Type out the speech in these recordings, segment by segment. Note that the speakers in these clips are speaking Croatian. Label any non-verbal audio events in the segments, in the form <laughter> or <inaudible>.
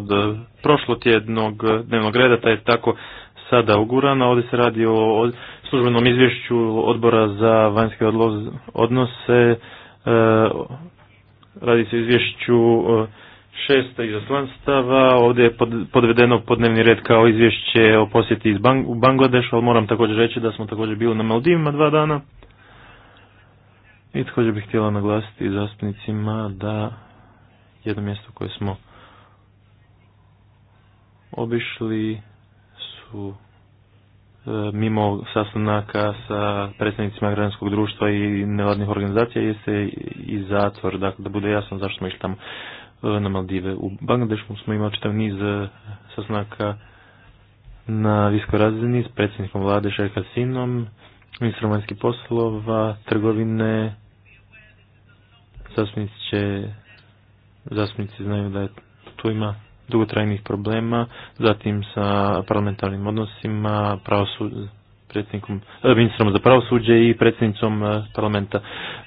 od e, prošlotjednog e, dnevnog reda, taj je tako sada ugurana. Ovdje se radi o službenom izvješću odbora za vanjske odnose. E, radi se o izvješću šesta izaslanstava. Ovdje je podvedeno pod dnevni red kao izvješće o posjeti iz Bang u ali moram također reći da smo također bili na Maldivima dva dana. I također bih htjela naglasiti zastupnicima da jedno mjesto koje smo obišli su e, mimo sastanaka sa predstavnicima građanskog društva i nevladnih organizacija se i zatvor, dakle da bude jasno zašto smo išli tamo e, na Maldive. U Bangladešu smo imali čitav niz e, sastanaka na viskoj razini s predsjednikom vlade Šerka Sinom, ministrom vanjskih poslova, trgovine, zastupnici će zastupnici znaju da je tu ima dugotrajnih problema, zatim sa parlamentarnim odnosima, predsjednikom, eh, ministrom za pravosuđe i predsjednicom eh, parlamenta.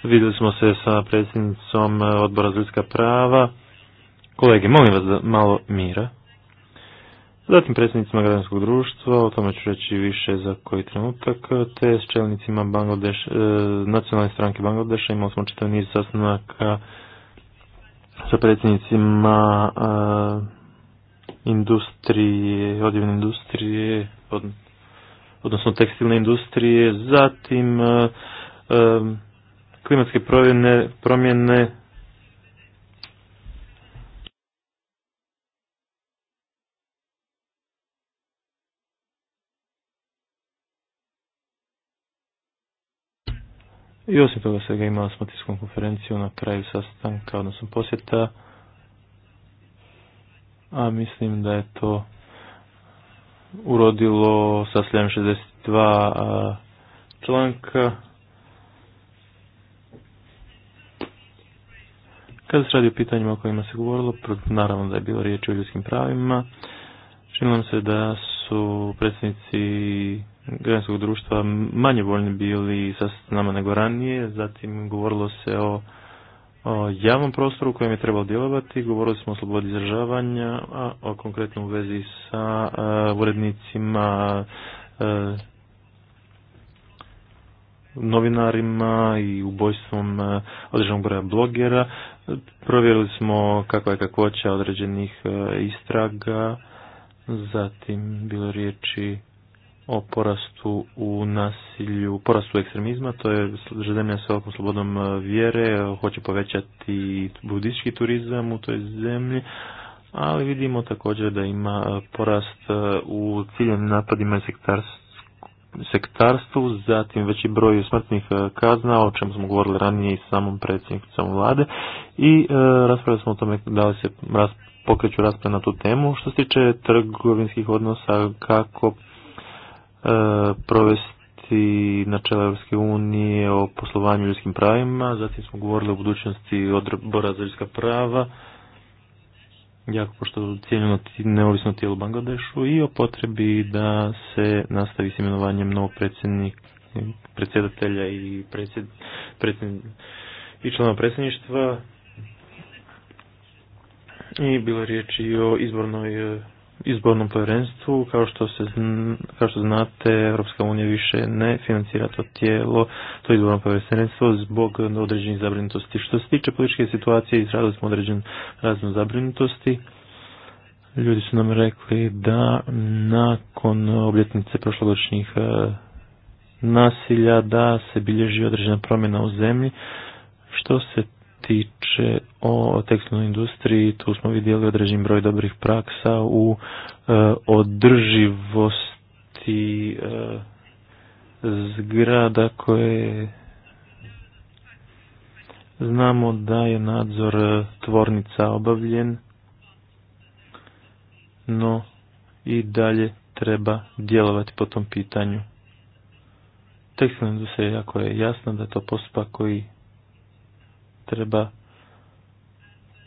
Vidjeli smo se sa predsjednicom eh, odbora za ljudska prava. Kolege, molim vas da malo mira. Zatim predsjednicima građanskog društva, o tome ću reći više za koji trenutak, te s čelnicima nacionalne stranke Bangladeša imali smo čitav niz sastanaka sa predsjednicima industrije, odjevne industrije, od, odnosno tekstilne industrije, zatim e, e, klimatske promjene, promjene I osim toga svega imali smo tiskom konferenciju na kraju sastanka, odnosno posjeta a mislim da je to urodilo sa 762 članka. Kada se radi o pitanjima o kojima se govorilo, naravno da je bilo riječ o ljudskim pravima, činilo se da su predsjednici građanskog društva manje voljni bili sa nama nego ranije, zatim govorilo se o o javnom prostoru u kojem je trebalo djelovati, govorili smo o slobodi izražavanja, a o konkretnom vezi sa e, urednicima, e, novinarima i ubojstvom e, određenog broja blogera. Provjerili smo kakva je kakvoća određenih istraga, zatim bilo riječi o porastu u nasilju, porastu ekstremizma, to je zemlja sa ovakvom slobodom e, vjere, e, hoće povećati budistički turizam u toj zemlji, ali vidimo također da ima e, porast u ciljenim napadima i sektarstvu, zatim veći broj smrtnih kazna, o čemu smo govorili ranije i samom predsjednicom vlade i raspravili smo o tome da li se pokreću rasprave na tu temu. Što se tiče trgovinskih odnosa, kako E, provesti načela Europske unije o poslovanju ljudskim pravima, zatim smo govorili o budućnosti odbora za ljudska prava, jako pošto cijeljeno neovisno tijelo Bangladešu i o potrebi da se nastavi s imenovanjem novog predsjednika, predsjedatelja i predsjed, predsjed, i članova predsjedništva i bilo je riječ i o izbornoj izbornom povjerenstvu, kao što, se, kao što znate, Europska unija više ne financira to tijelo, to izborno povjerenstvo, zbog određenih zabrinutosti. Što se tiče političke situacije, izradili smo određen razno zabrinutosti. Ljudi su nam rekli da nakon obljetnice prošlogodišnjih e, nasilja, da se bilježi određena promjena u zemlji. Što se tiče o tekstilnoj industriji, tu smo vidjeli određen broj dobrih praksa u e, održivosti e, zgrada koje znamo da je nadzor tvornica obavljen, no i dalje treba djelovati po tom pitanju. Tekstilna industrija jako je jasna da to postupak koji treba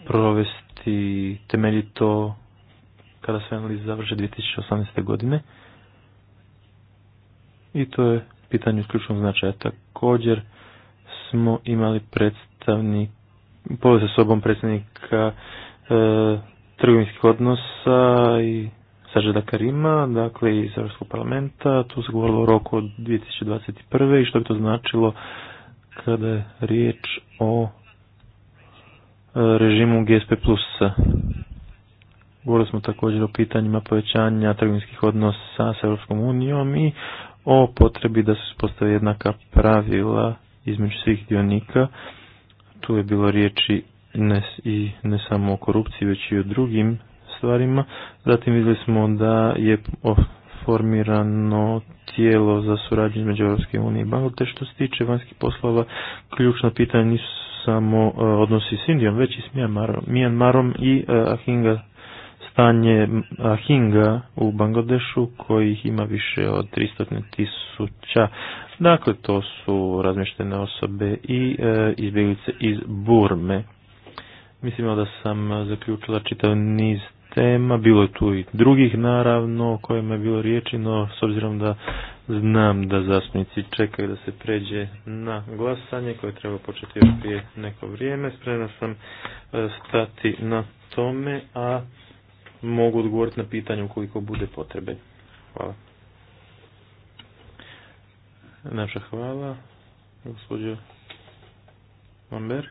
provesti temeljito kada se analiza završe 2018. godine. I to je pitanje isključnog značaja. Također smo imali predstavnik, pove sa sobom predstavnika e, trgovinskih odnosa i Sažeda Karima, dakle iz Europskog parlamenta. Tu se govorilo o roku od 2021. i što bi to značilo kada je riječ o režimu GSP+. Govorili smo također o pitanjima povećanja trgovinskih odnosa sa Europskom unijom i o potrebi da se postave jednaka pravila između svih dionika. Tu je bilo riječi ne, i ne samo o korupciji, već i o drugim stvarima. Zatim vidjeli smo da je formirano tijelo za suradnju između Europske unije i banke. Što se tiče vanjskih poslova, ključna pitanja nisu samo e, odnosi s Indijom, već i s Mijanmarom i e, Ahinga stanje Ahinga u Bangladešu kojih ima više od 300 tisuća. Dakle, to su razmještene osobe i e, izbjeglice iz Burme. Mislimo da sam zaključila čitav niz tema, bilo je tu i drugih naravno o kojima je bilo riječi, no s obzirom da znam da zastupnici čekaju da se pređe na glasanje koje treba početi još prije neko vrijeme, spremna sam e, stati na tome, a mogu odgovoriti na pitanje ukoliko bude potrebe. Hvala. Naša hvala, gospođo Amber.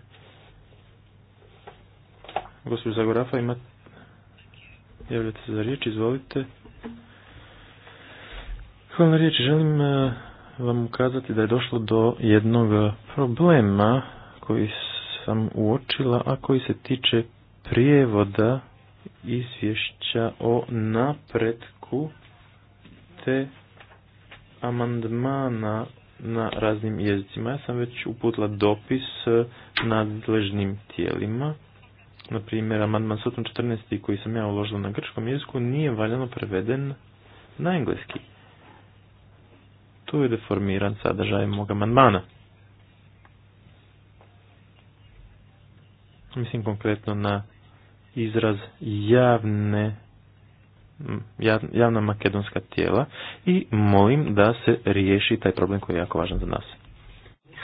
Gospođo Zagorafa, imate Javljate se za riječ, izvolite. Hvala riječ. Želim e, vam ukazati da je došlo do jednog problema koji sam uočila, a koji se tiče prijevoda izvješća o napretku te amandmana na raznim jezicima. Ja sam već uputila dopis nadležnim tijelima na primjer, amandman 114. koji sam ja uložila na grčkom jeziku nije valjano preveden na engleski. Tu je deformiran sadržaj mog amandmana. Mislim konkretno na izraz javne javna makedonska tijela i molim da se riješi taj problem koji je jako važan za nas.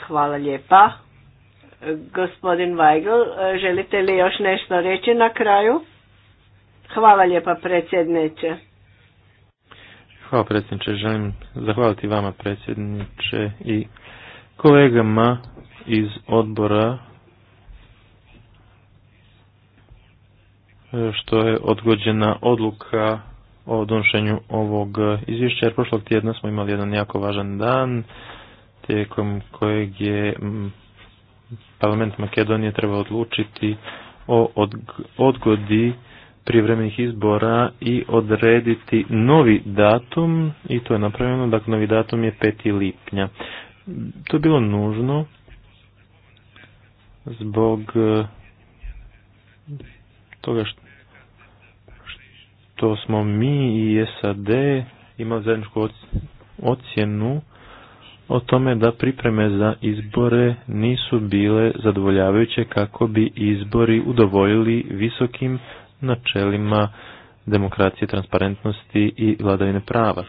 Hvala lijepa. Gospodin Weigl, e, želite li još nešto reći na kraju? Hvala lijepa predsjedniče. Hvala predsjedniče, želim zahvaliti vama predsjedniče i kolegama iz odbora e, što je odgođena odluka o donošenju ovog izvješća, jer prošlog tjedna smo imali jedan jako važan dan, tijekom kojeg je parlament Makedonije treba odlučiti o odgodi prijevremenih izbora i odrediti novi datum i to je napravljeno, dakle novi datum je 5. lipnja. To je bilo nužno zbog eh, toga što smo mi i SAD imali zajedničku ocjenu o tome da pripreme za izbore nisu bile zadovoljavajuće kako bi izbori udovoljili visokim načelima demokracije, transparentnosti i vladavine prava.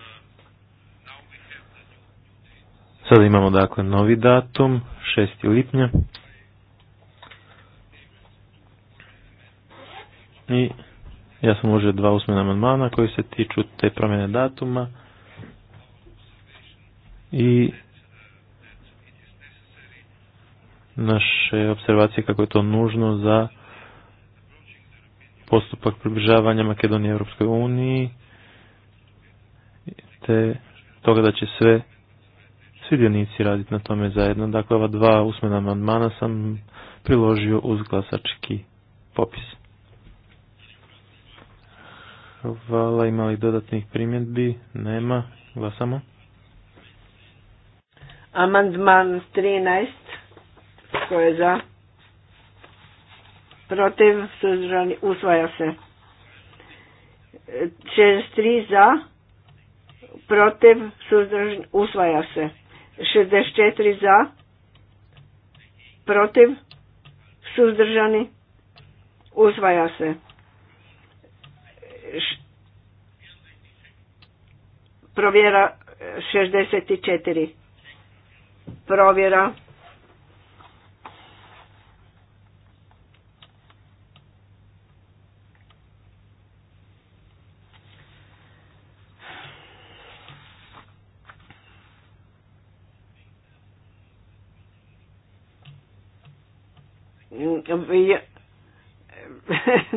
Sada imamo dakle novi datum, 6. lipnja. I ja sam uložio dva usmena amandmana koji se tiču te promjene datuma i naše observacije kako je to nužno za postupak približavanja Makedonije Europskoj uniji te toga da će sve svi raditi na tome zajedno. Dakle, ova dva usmena amandmana sam priložio uz glasački popis. Hvala, ima li dodatnih primjedbi? Nema, glasamo. Amandman 13 tko je za? Protiv, suzdržani, usvaja se. 63 za, protiv, suzdržani, usvaja se. 64 za, protiv, suzdržani, usvaja se. Provjera 64. Provjera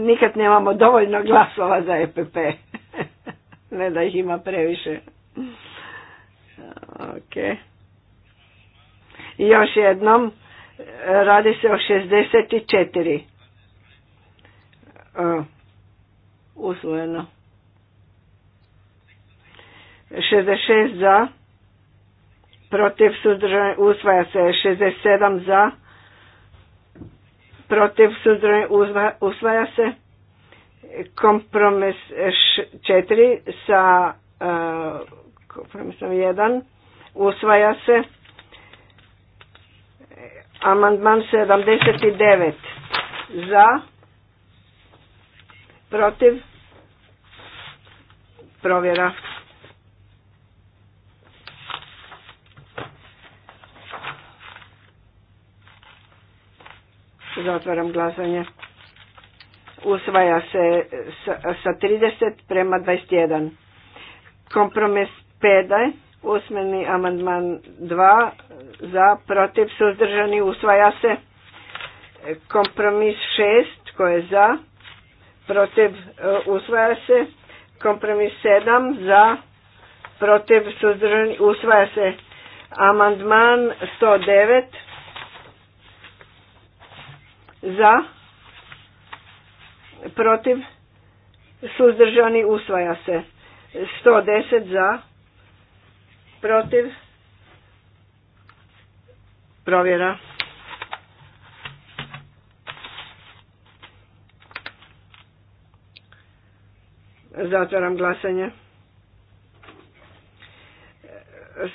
nikad nemamo dovoljno glasova za EPP. <laughs> ne da ih ima previše. Ok. Još jednom, radi se o 64. Uh, e, usvojeno. 66 za, protiv sudržanja usvaja se 67 za, protiv suzdržani usvaja se kompromis 4 sa e, kompromisom 1 usvaja se amandman 79 za protiv provjera Zatvaram glasanje. Usvaja se sa 30 prema 21. Kompromis 5. Usmeni amandman 2. Za, protiv, suzdržani. Usvaja se kompromis 6. Ko je za? Protiv, uh, usvaja se. Kompromis 7. Za, protiv, suzdržani. Usvaja se amandman 109 za, protiv, suzdržani usvaja se. 110 za, protiv, provjera. Zatvaram glasanje.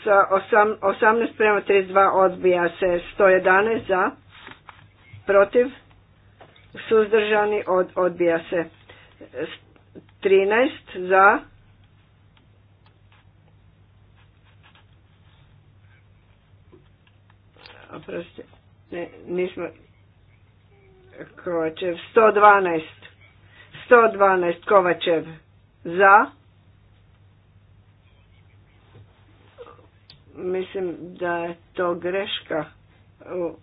Sa 18 prema 32 odbija se 111 za protiv, suzdržani, od, odbija se. 13 za, oprosti, ne, nismo, Kovačev, 112, 112 Kovačev, za, mislim da je to greška u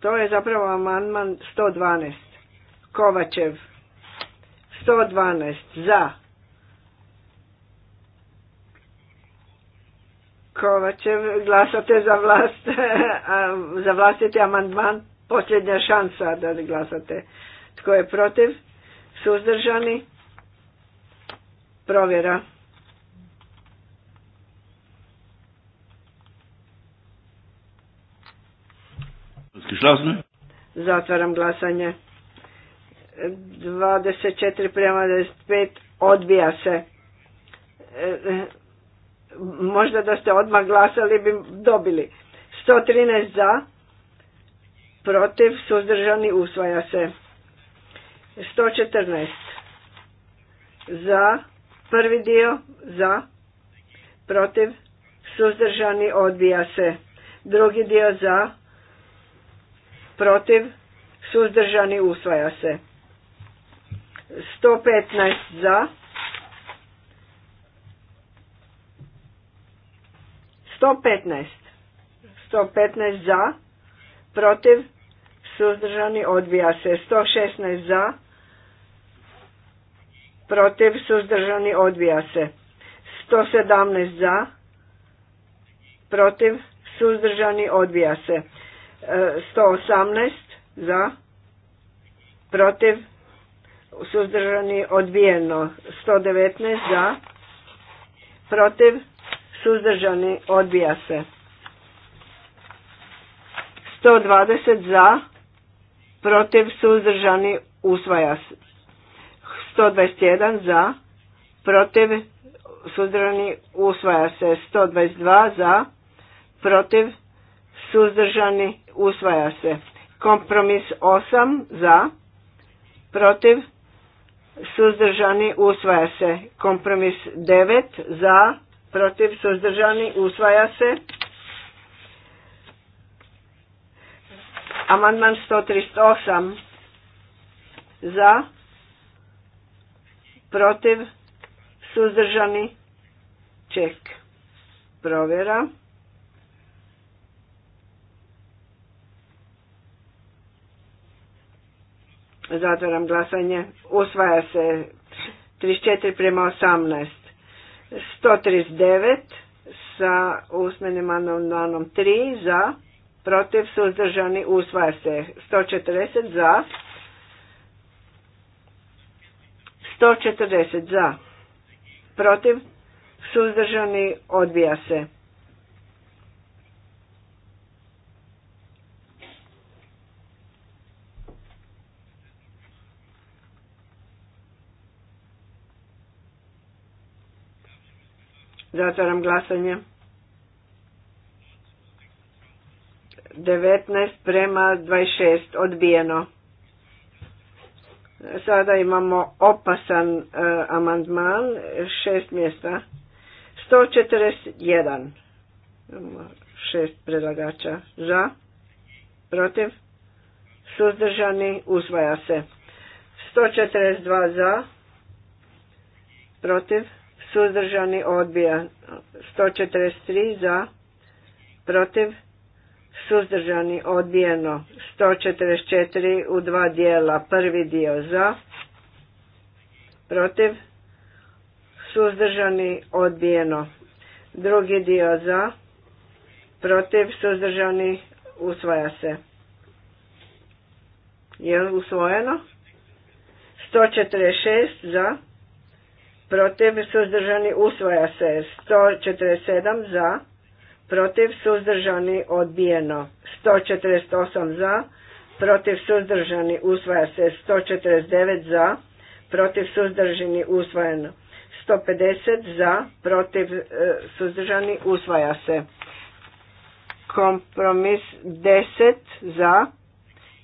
to je zapravo amandman 112. Kovačev. 112. Za. Kovačev, glasate za vlast, <laughs> za vlastiti amandman, posljednja šansa da glasate. Tko je protiv? Suzdržani? Provjera. geschlossen. Zatvaram glasanje. 24 prema 25 odbija se. E, e, možda da ste odmah glasali bi dobili. 113 za, protiv, suzdržani, usvaja se. 114 za, prvi dio, za, protiv, suzdržani, odbija se. Drugi dio za, protiv, suzdržani usvaja se. 115 za, 115, 115 za, protiv, suzdržani odbija se. 116 za, protiv, suzdržani odbija se. 117 za, protiv, suzdržani odbija se. 118 za, protiv, suzdržani odbijeno 119 za, protiv, suzdržani odbija se. 120 za, protiv, suzdržani usvaja se. 121 za, protiv, suzdržani usvaja se. 122 za, protiv, suzdržani, usvaja se. Kompromis 8 za, protiv, suzdržani, usvaja se. Kompromis 9 za, protiv, suzdržani, usvaja se. Amandman 138 za, protiv, suzdržani, ček, provjera. Zatvaram glasanje. Usvaja se 34 prema 18. 139 sa usmenim amandmanom 3 za, protiv suzdržani usvaja se 140 za, 140 za, protiv suzdržani odbija se Zatvaram glasanje. 19 prema 26 odbijeno. Sada imamo opasan eh, amandman, šest mjesta. 141. šest predlagača za, protiv, suzdržani, usvaja se. 142 za, protiv, suzdržani odbija 143 za protiv suzdržani odbijeno 144 u dva dijela prvi dio za protiv suzdržani odbijeno drugi dio za protiv suzdržani usvaja se je li usvojeno 146 za protiv suzdržani usvaja se 147 za protiv suzdržani odbijeno 148 za protiv suzdržani usvaja se 149 za protiv suzdržani usvojeno 150 za protiv e, suzdržani usvaja se kompromis 10 za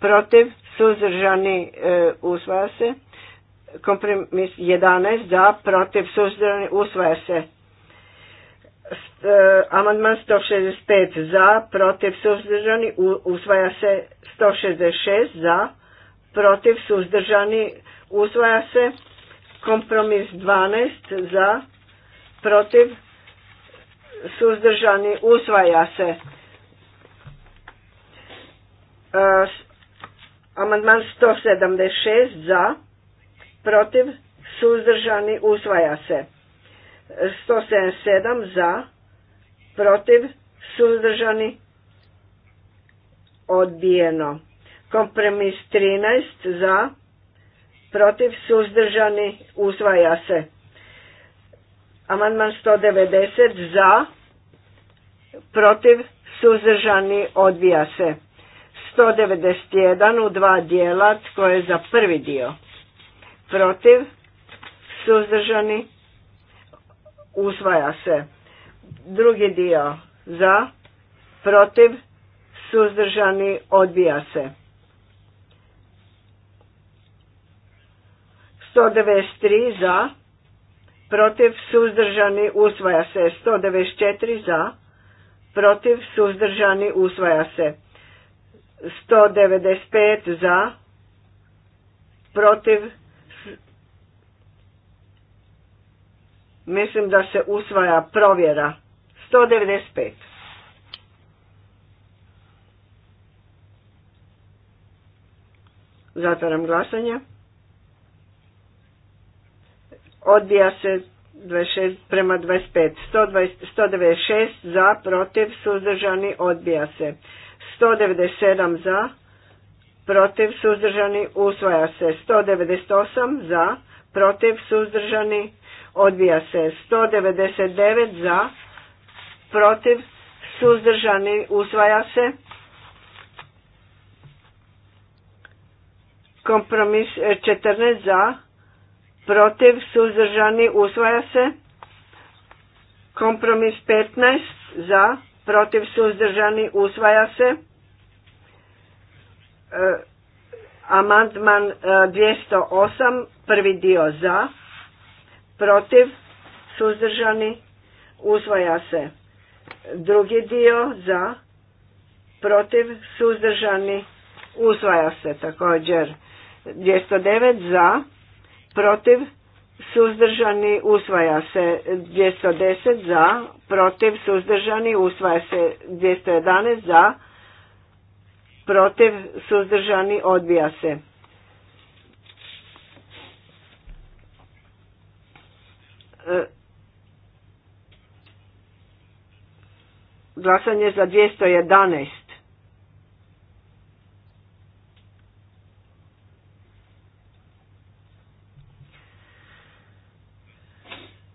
protiv suzdržani e, usvaja se Kompromis 11 za, protiv, suzdržani, usvaja se. E, amandman 165 za, protiv, suzdržani, usvaja se. 166 za, protiv, suzdržani, usvaja se. Kompromis 12 za, protiv, suzdržani, usvaja se. E, amandman 176 za, protiv, suzdržani, usvaja se. 177 za, protiv, suzdržani, odbijeno. Kompromis 13 za, protiv, suzdržani, usvaja se. Amandman 190 za, protiv, suzdržani, odbija se. 191 u dva dijela, tko je za prvi dio, protiv, suzdržani, usvaja se. Drugi dio za, protiv, suzdržani, odbija se. 193 za, protiv, suzdržani, usvaja se. 194 za, protiv, suzdržani, usvaja se. 195 za, protiv, Mislim da se usvaja provjera. 195. Zatvaram glasanje. Odbija se 26 prema 25. 196 za, protiv, suzdržani, odbija se. 197 za, protiv, suzdržani, usvaja se. 198 za, protiv, suzdržani, Odvija se 199 za, protiv, suzdržani, usvaja se. Kompromis 14 e, za, protiv, suzdržani, usvaja se. Kompromis 15 za, protiv, suzdržani, usvaja se. E, amandman e, amandman 208, prvi dio za, protiv, suzdržani, usvaja se. Drugi dio za, protiv, suzdržani, usvaja se također. 209 za, protiv, suzdržani, usvaja se. 210 za, protiv, suzdržani, usvaja se. 211 za, protiv, suzdržani, odbija se. E, glasanje za 211.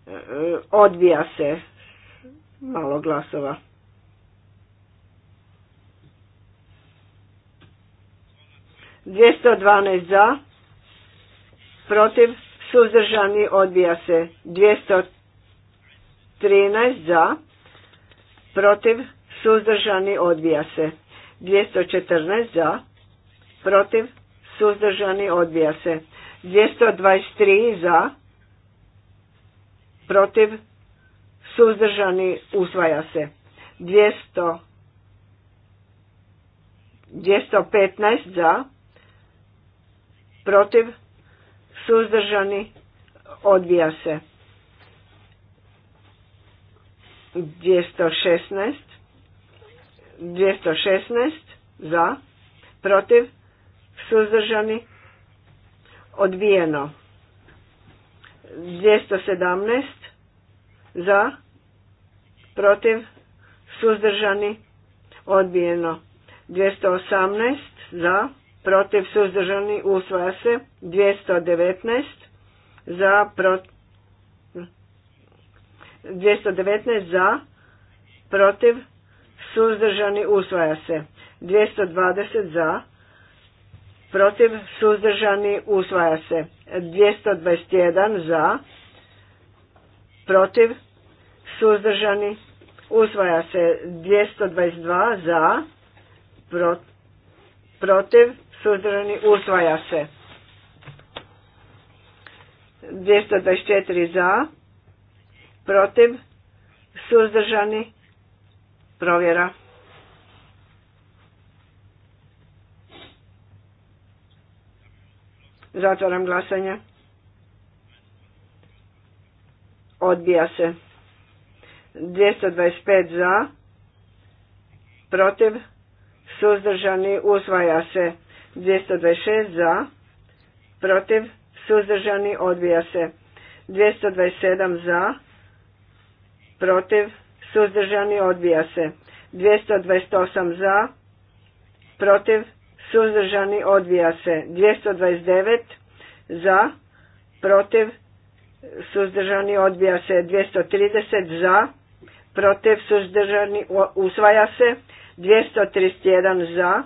E, e, odvija se malo glasova. Dvjesto dvanaest za, protiv, suzdržani odbija se 213 za, protiv suzdržani odbija se 214 za, protiv suzdržani odbija se 223 za, protiv suzdržani usvaja se 200 215 za, protiv suzdržani, odbija se. 216, 216 za, protiv, suzdržani, odbijeno. 217 za, protiv, suzdržani, odbijeno. 218 za, protiv suzdržani usvaja se 219 za protiv 219 za protiv suzdržani usvaja se 220 za protiv suzdržani usvaja se 221 za protiv suzdržani usvaja se 222 za protiv suzdržani, usvaja se. 224 za, protiv, suzdržani, provjera. Zatvaram glasanje. Odbija se. 225 za, protiv, suzdržani, usvaja se. 226 za, protiv, suzdržani, odbija se. 227 za, protiv, suzdržani, odbija se. 228 za, protiv, suzdržani, odbija se. 229 za, protiv, suzdržani, odbija se. 230 za, protiv, suzdržani, usvaja se. 231 za,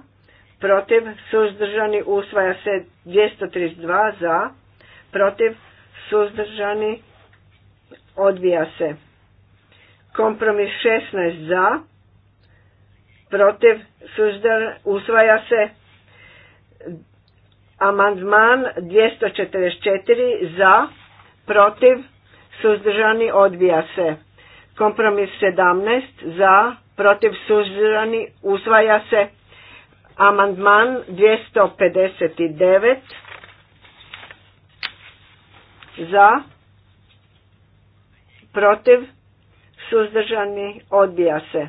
protiv, suzdržani, usvaja se 232 za, protiv, suzdržani, odbija se. Kompromis 16 za, protiv, suzdržani, usvaja se amandman 244 za, protiv, suzdržani, odbija se. Kompromis 17 za, protiv, suzdržani, usvaja se Amandman 259 za, protiv, suzdržani, odbija se.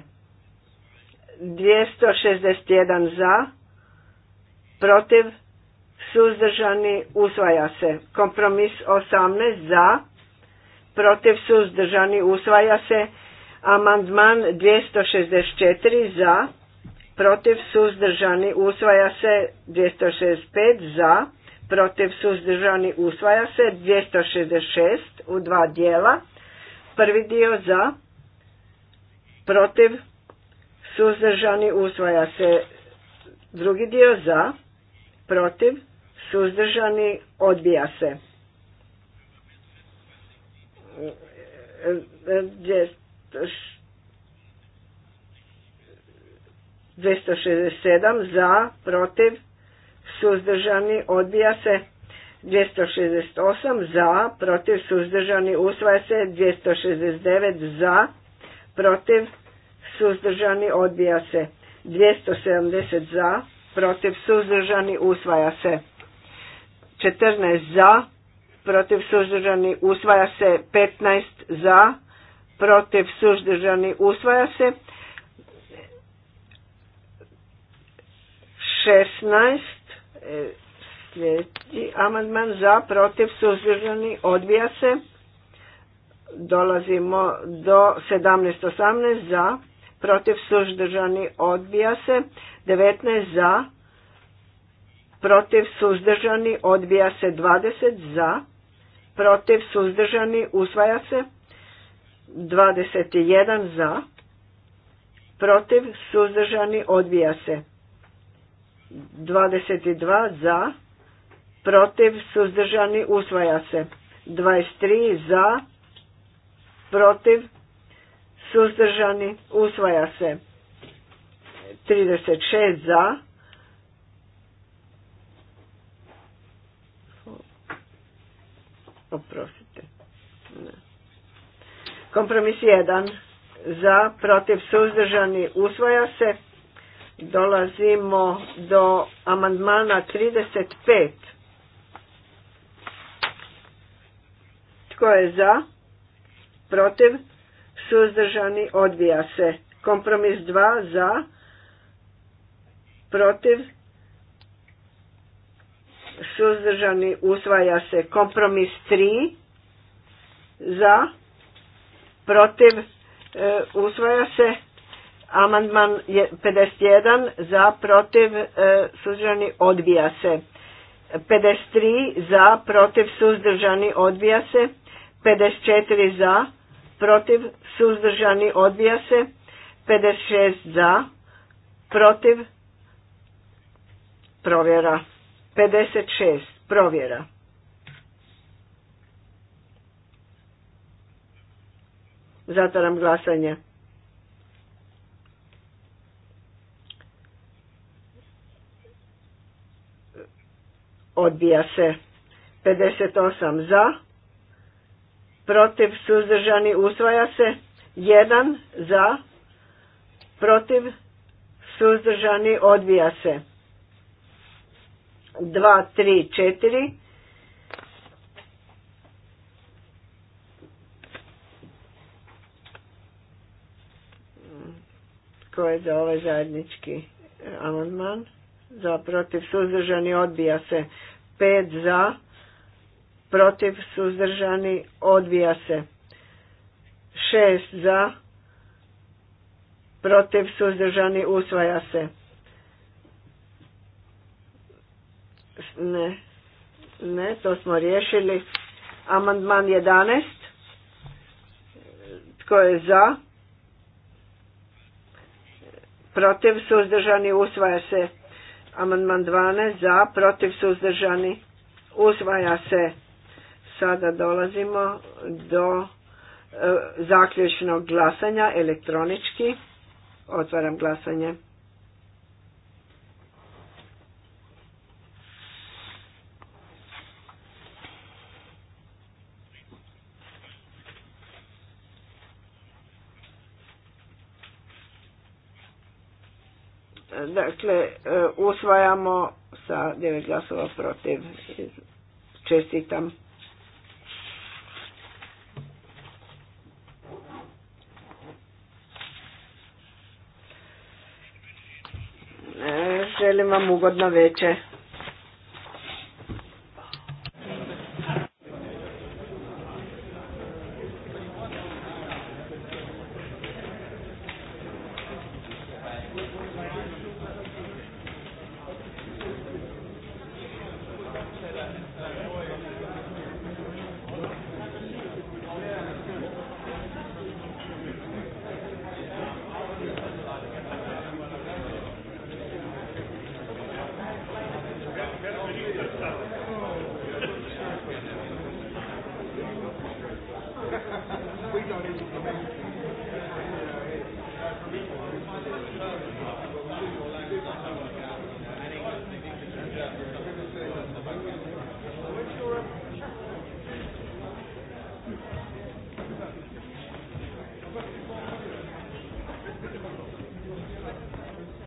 261 za, protiv, suzdržani, usvaja se. Kompromis 18 za, protiv, suzdržani, usvaja se. Amandman 264 za, protiv suzdržani usvaja se 265 za, protiv suzdržani usvaja se 266 u dva dijela, prvi dio za, protiv suzdržani usvaja se drugi dio za, protiv suzdržani odbija se. E, e, e, 267 za, protiv, suzdržani, odbija se. 268 za, protiv, suzdržani, usvaja se. 269 za, protiv, suzdržani, odbija se. 270 za, protiv, suzdržani, usvaja se. 14 za, protiv, suzdržani, usvaja se. 15 za, protiv, suzdržani, usvaja se. 16 e, sljedeći amandman za protiv suzdržani odbija se dolazimo do 17.18 za protiv suzdržani odbija se 19 za protiv suzdržani odbija se 20 za protiv suzdržani usvaja se 21 za protiv suzdržani odbija se 22 za, protiv, suzdržani, usvaja se. 23 za, protiv, suzdržani, usvaja se. 36 za, oprostite. Kompromis 1 za, protiv, suzdržani, usvaja se dolazimo do amandmana 35. Tko je za? Protiv? Suzdržani odvija se. Kompromis 2 za? Protiv? Suzdržani usvaja se. Kompromis 3 za? Protiv? E, usvaja se Amandman 51 e, za, protiv, suzdržani, odbija se. 53 za, protiv, suzdržani, odbija se. 54 za, protiv, suzdržani, odbija se. 56 za, protiv, provjera. 56, provjera. Zatvaram glasanje. odbija se 58 za protiv suzdržani usvaja se 1 za protiv suzdržani odbija se 2 3 4 Ko je za ovaj zajednički amandman? za protiv suzdržani odbija se 5 za protiv suzdržani odbija se 6 za protiv suzdržani usvaja se ne ne to smo riješili amandman 11 tko je za protiv suzdržani usvaja se Amandman 12 za, protiv suzdržani, usvaja se. Sada dolazimo do e, zaključnog glasanja elektronički. Otvaram glasanje. Dakle, e, usvajamo sa devet glasova protiv. Čestitam. E, želim vam ugodno večer.